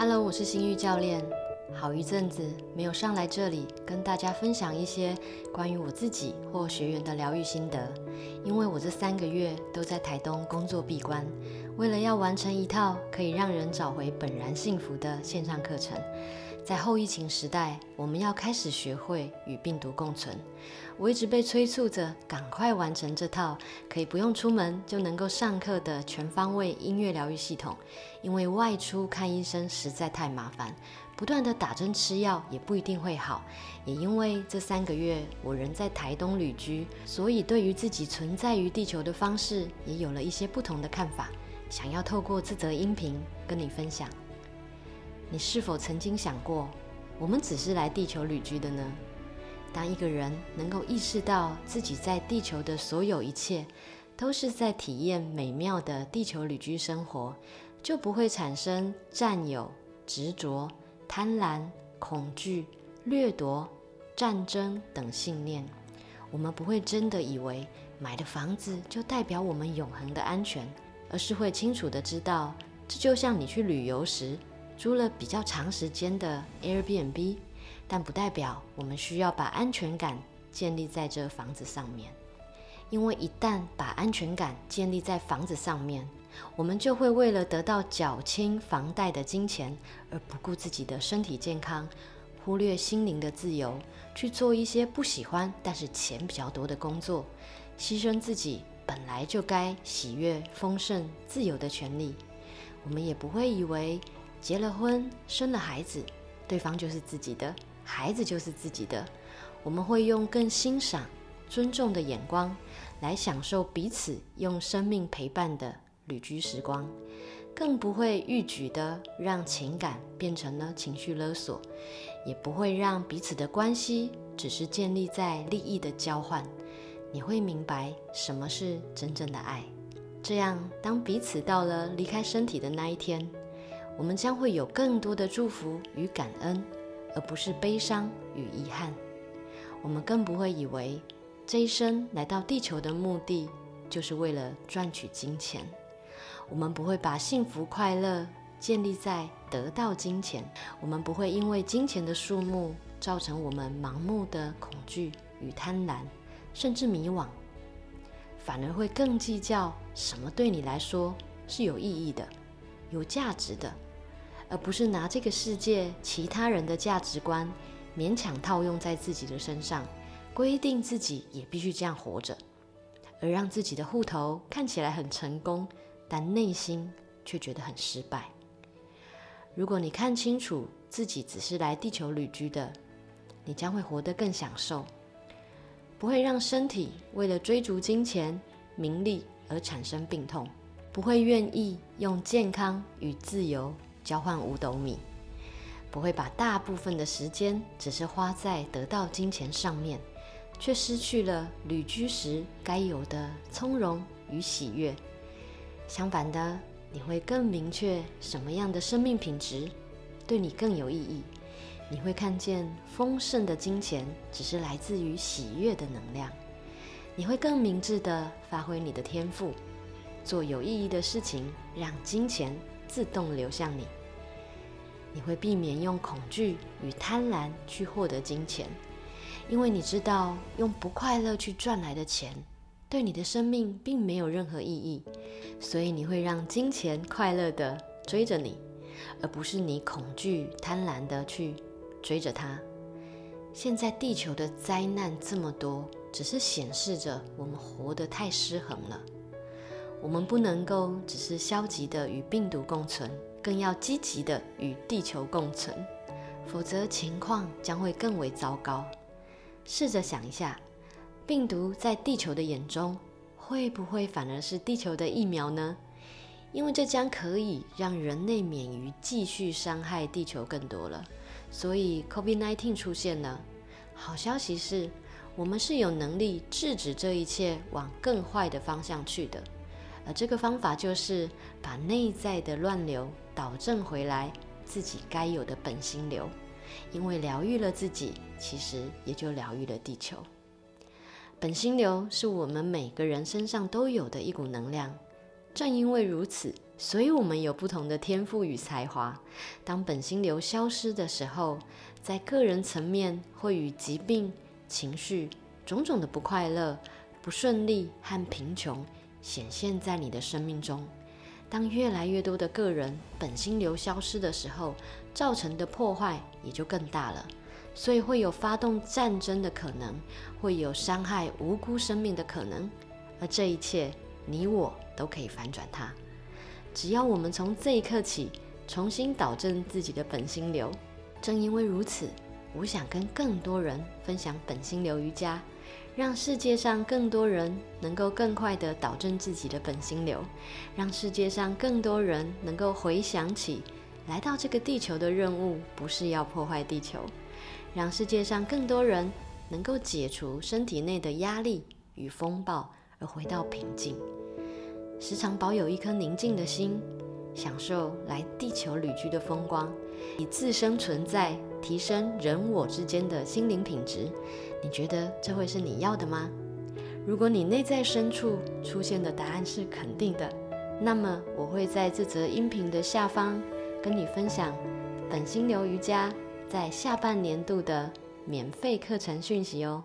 Hello，我是新玉教練。好一陣子沒有上來這裡跟大家分享一些關於我自己或學員的療癒心得，因為我這三個月都在台東工作閉關，為了要完成一套可以讓人找回本然幸福的線上課程。在後疫情時代，我們要開始學會與病毒共存。我一直被催促着趕快完成這套可以不用出門就能夠上課的全方位音樂療癒系統，因為外出看醫生實在太麻煩，不斷地打針吃藥也不一定會好。也因為這三個月我人在台東旅居，所以對於自己存在於地球的方式也有了一些不同的看法，想要透過這則音頻跟你分享。你是否曾經想過，我們只是來地球旅居的呢？當一個人能夠意識到自己在地球的所有一切，都是在體驗美妙的地球旅居生活，就不會產生佔有、執着、貪婪、恐懼、掠奪、戰爭等信念。我們不會真的以為買的房子就代表我們永恆的安全，而是會清楚地知道，這就像你去旅遊時。租了比較長時間的 Airbnb，但不代表我們需要把安全感建立在這房子上面。因為一旦把安全感建立在房子上面，我們就會為了得到繳清房貸的金錢，而不顧自己的身體健康，忽略心靈的自由，去做一些不喜歡但是錢比較多的工作，犧牲自己本來就該喜悅、豐盛、自由的權利。我們也不會以為。結了婚，生了孩子，對方就是自己的，孩子就是自己的。我們會用更欣賞、尊重的眼光來享受彼此用生命陪伴的旅居時光，更不會逾矩的讓情感變成了情緒勒索，也不會讓彼此的關係只是建立在利益的交換。你會明白什麼是真正的愛。這樣，當彼此到了離開身體的那一天，我們將會有更多的祝福與感恩，而不是悲傷與遺憾。我們更不會以為這一生來到地球的目的就是為了賺取金錢。我們不會把幸福快樂建立在得到金錢，我們不會因為金錢的數目造成我們盲目的恐懼與貪婪，甚至迷惘。反而會更計較什麼對你來說是有意義的、有價值的。而不是拿這個世界其他人的價值觀勉強套用在自己的身上，規定自己也必須這樣活着，而讓自己的戶頭看起來很成功，但內心卻覺得很失敗。如果你看清楚自己只是來地球旅居的，你將會活得更享受，不會讓身體為了追逐金錢、名利而產生病痛，不會願意用健康與自由。交換五斗米，不會把大部分的時間只是花在得到金錢上面，卻失去了旅居時該有的從容與喜悅。相反的，你會更明確什麼樣的生命品質對你更有意義。你會看見豐盛的金錢只是來自於喜悅的能量。你會更明智地發揮你的天賦，做有意義的事情，讓金錢自動流向你。你會避免用恐懼與貪婪去獲得金錢，因為你知道用不快樂去賺來的錢，對你的生命並沒有任何意義。所以你會讓金錢快樂的追着你，而不是你恐懼貪婪的去追着它。現在地球的災難這麼多，只是顯示着我們活得太失衡了。我們不能夠只是消極的與病毒共存。更要積極地與地球共存，否則情況將會更為糟糕。試着想一下，病毒在地球的眼中，會不會反而是地球的疫苗呢？因為這將可以讓人類免於繼續傷害地球更多了。所以，COVID-19 出現了。好消息是，我們是有能力制止這一切往更壞的方向去的，而這個方法就是把內在的亂流。導正回來自己該有的本心流，因為療癒了自己，其實也就療癒了地球。本心流是我們每個人身上都有的一股能量。正因為如此，所以我們有不同的天賦與才華。當本心流消失的時候，在個人層面會與疾病、情緒、種種的不快樂、不順利和貧窮顯現在你的生命中。當越來越多的個人本心流消失的時候，造成的破壞也就更大了，所以會有發動戰爭的可能，會有傷害無辜生命的可能，而這一切，你我都可以反轉它。只要我們從這一刻起，重新導正自己的本心流。正因為如此，我想跟更多人分享本心流瑜伽，讓世界上更多人能夠更快地導正自己的本心流，讓世界上更多人能夠回想起來到這個地球的任務不是要破壞地球，讓世界上更多人能夠解除身體內的壓力與風暴而回到平靜，時常保有一顆寧靜的心。享受來地球旅居的風光，以自身存在提升人我之間的心靈品質，你覺得這會是你要的嗎？如果你內在深處出現的答案是肯定的，那麼我會在這則音頻的下方跟你分享本心流瑜伽在下半年度的免費課程訊息哦。